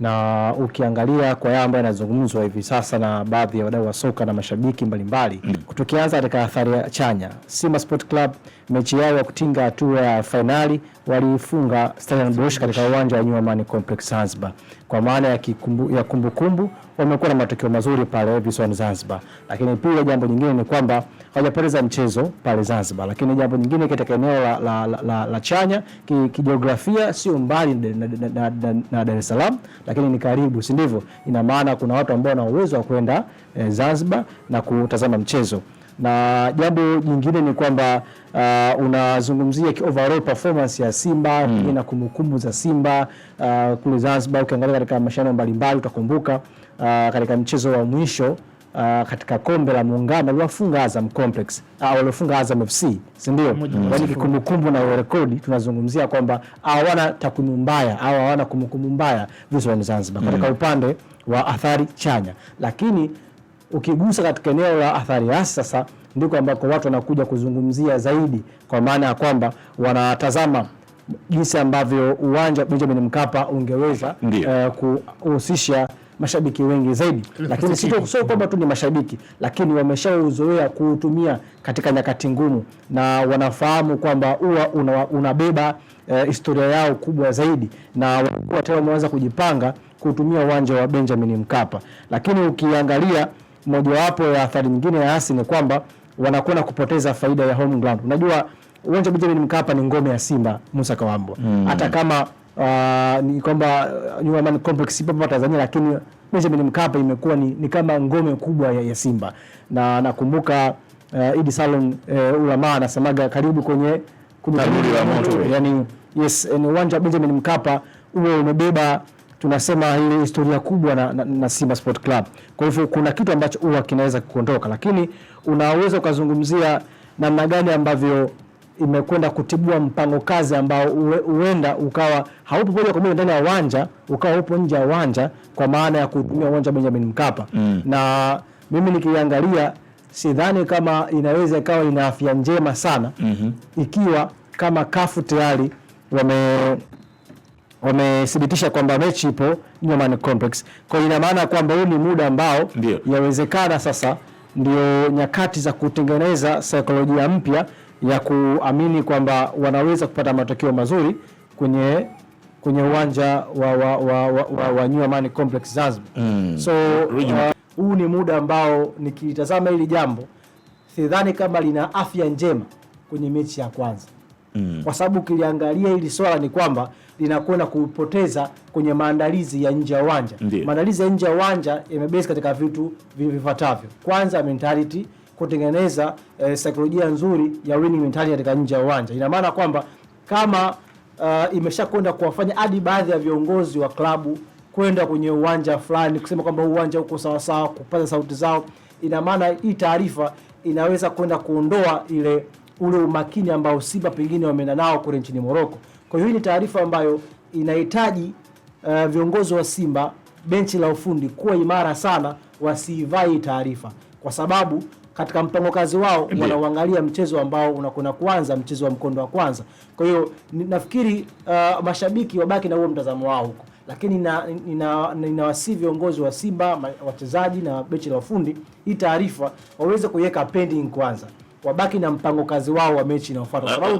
na ukiangalia kwa yale ambayo yanazungumzwa hivi sasa na baadhi ya wadau wa soka na mashabiki mbalimbali mm. Tukianza katika athari chanya, Simba Sport Club mechi yao ya kutinga hatua ya fainali waliifunga Stellenbosch katika uwanja wa New Amaan Complex Zanzibar. Kwa maana ya kumbukumbu ya kumbukumbu wamekuwa na matokeo mazuri pale visiwani Zanzibar, lakini pia jambo lingine ni kwamba hawajapoteza mchezo pale Zanzibar. Lakini jambo lingine katika eneo la, la, la, la, la chanya kijiografia, sio mbali na Dar es Salaam lakini ni karibu, si ndivyo? Ina maana kuna watu ambao wana uwezo wa kwenda e, Zanzibar na kutazama mchezo na jambo jingine ni kwamba uh, unazungumzia overall performance ya Simba mm. na kumbukumbu za Simba uh, kule Zanzibar. Ukiangalia katika mashindano mbalimbali utakumbuka uh, katika mchezo wa mwisho uh, katika kombe la muungano waliofunga Azam Complex au uh, waliofunga Azam FC, si ndio? Yaani kikumbukumbu na rekodi tunazungumzia kwamba hawana takwimu mbaya au hawana kumbukumbu mbaya visiwani Zanzibar mm. katika upande wa athari chanya, lakini ukigusa katika eneo la athari hasi sasa ndiko ambako watu wanakuja kuzungumzia zaidi, kwa maana ya kwamba wanatazama jinsi ambavyo uwanja wa Benjamin Mkapa ungeweza uh, kuhusisha mashabiki wengi zaidi, lakini sio kwamba tu ni mashabiki, lakini wameshauzoea kuutumia katika nyakati ngumu, na wanafahamu kwamba huwa unabeba una eh, e, historia yao kubwa zaidi, na walikuwa tayari wameanza kujipanga kutumia uwanja wa Benjamin Mkapa. Lakini ukiangalia mojawapo ya athari nyingine ya hasi ni kwamba wanakwenda kupoteza faida ya home ground. Unajua uwanja wa Benjamin Mkapa ni ngome ya Simba, Musa Kawambo, hmm. hata kama uh, ni kwamba uh, New Amaan Complex ipo hapa Tanzania, lakini Benjamin Mkapa imekuwa ni, ni kama ngome kubwa ya, ya Simba na nakumbuka uh, Idi Salon uh, ulama anasemaga karibu kwenye tanuri la moto, yani yes, ni uwanja wa Benjamin Mkapa huo umebeba tunasema ile historia kubwa na, na, na Simba Sport Club. Kwa hivyo kuna kitu ambacho huwa kinaweza kuondoka, lakini unaweza ukazungumzia namna gani ambavyo imekwenda kutibua mpango kazi ambao huenda ukawa haupo moja kwa moja ndani ya uwanja, ukawa upo nje ya uwanja, kwa maana ya kuhudumia uwanja Benjamin Mkapa mm. na mimi nikiangalia sidhani kama inaweza ikawa ina afya njema sana mm -hmm. ikiwa kama kafu tayari wame wamethibitisha kwamba mechi ipo Nyoman Complex. Kwa hiyo ina maana kwamba huu ni muda ambao yawezekana sasa ndio nyakati za kutengeneza saikolojia mpya ya kuamini kwamba wanaweza kupata matokeo mazuri kwenye kwenye uwanja wa, wa, wa, wa, wa, wa New Amani Complex Zanzibar. Mm. So uh, huu uh, ni muda ambao nikitazama hili jambo sidhani kama lina afya njema kwenye mechi ya kwanza mm. kwa sababu ukiliangalia hili swala ni kwamba linakwenda kupoteza kwenye maandalizi ya nje ya uwanja. Maandalizi ya nje ya uwanja yamebesi katika vitu vifuatavyo: kwanza mentality kutengeneza e, saikolojia nzuri ya winning mentality katika nje ya uwanja. Ina maana kwamba kama uh, eh, imeshakwenda kuwafanya hadi baadhi ya viongozi wa klabu kwenda kwenye uwanja fulani kusema kwamba uwanja uko sawa sawa, kupaza sauti zao, ina maana hii taarifa inaweza kwenda kuondoa ile ule umakini ambao Simba pengine wameenda nao kule nchini Morocco. Kwa hiyo hii ni taarifa ambayo inahitaji uh, viongozi wa Simba benchi la ufundi kuwa imara sana, wasiivai taarifa kwa sababu katika mpango kazi wao wanauangalia mchezo ambao unakwenda kuanza, mchezo wa mkondo wa kwanza. Kwa hiyo nafikiri uh, mashabiki wabaki na huo mtazamo wao huko, lakini ninawasi viongozi wa Simba, wachezaji na bechi la ufundi, hii taarifa waweze kuiweka pending kwanza, wabaki na mpango kazi wao wa mechi inayofuata.